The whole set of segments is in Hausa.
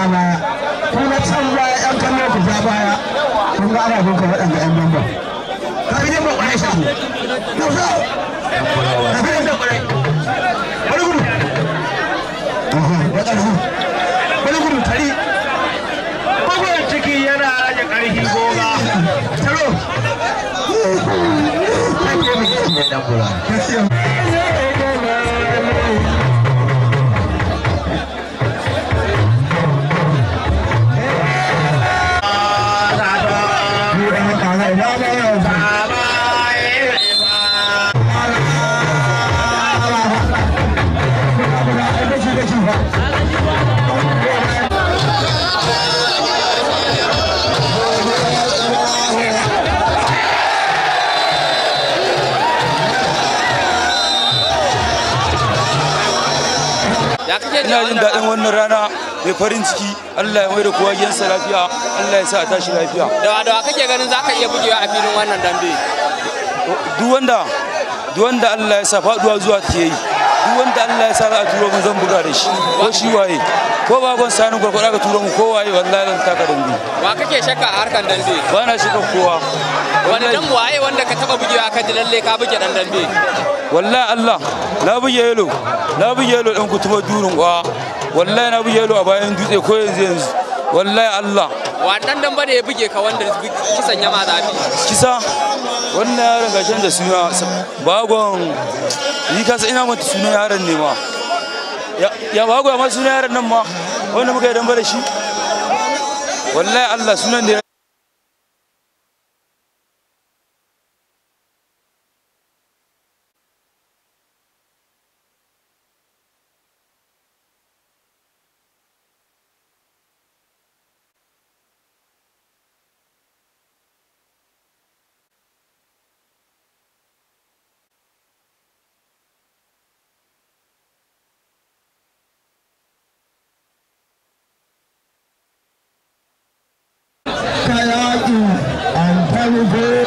ala ku na can baya yan kallo ku ja baya kun ga ana waɗanda yan ka bi jin sha ku ku ka bi jin da wani gudu wani gudu tari bugun ciki yana rage ƙarfi goga ina jin daɗin wannan rana mai farin ciki Allah ya mai da kowa gidansa lafiya Allah ya sa a tashi lafiya da da kake ganin za ka iya bugewa a filin wannan dambe duk wanda duk wanda Allah ya sa faɗuwa zuwa ta yi duk wanda Allah ya sa a turo mu zan buga da shi ko shi waye ko gon sani gwargwada ka turo mu ko waye wallahi zan taka dambe wa kake shakka a harkan dambe ba na shakka kowa wani dan waye wanda ka taba bugewa ka ji lalle ka buge dan dambe wallahi Allah na buge yelo na buge yelo dan kutuma durin kwa wallahi na buge yelo a bayan dutse ko yanzu yanzu wallahi Allah wa dan da ya buge ka wanda kisan yama ma zafi kisa wannan yaron gashi canza suna bagon yi kasa ina mata sunan yaron ne ma ya bago ma sunan yaron nan ma wanda muka yi damba da shi wallahi Allah sunan da yaran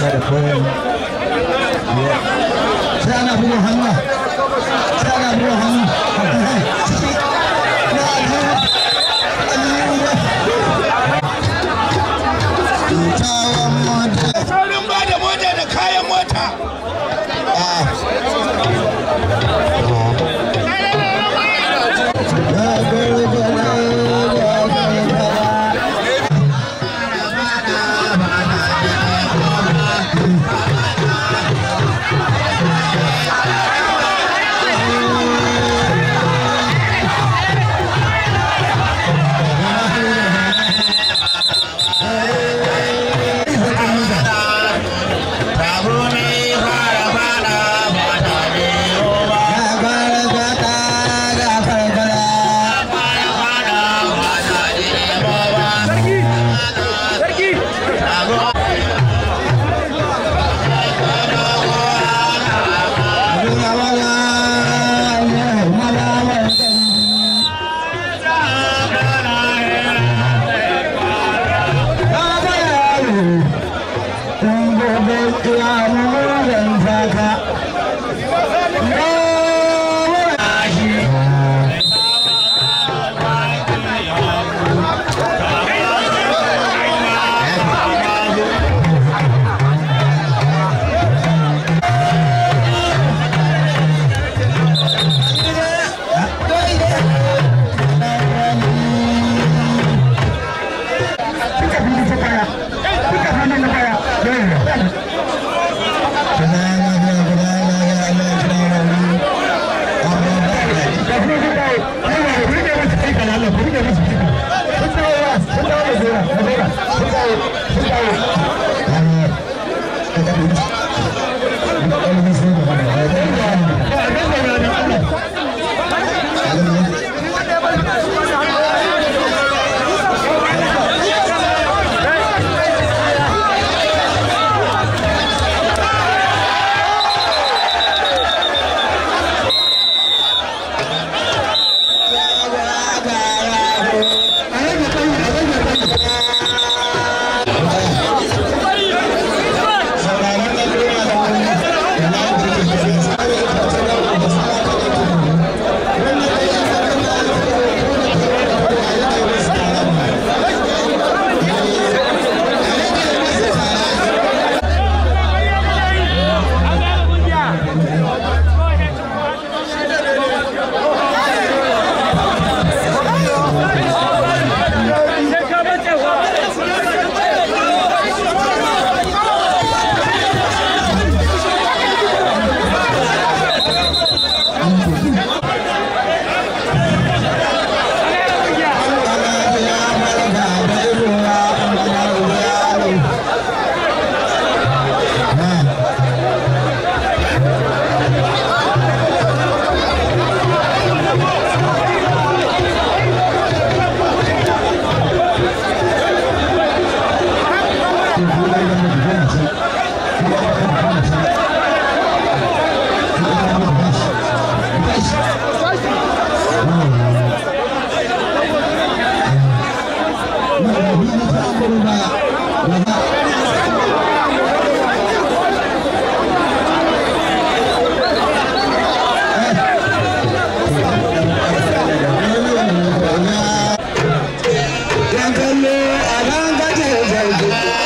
da koyon buga hannu sana Yeah,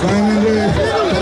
Finally,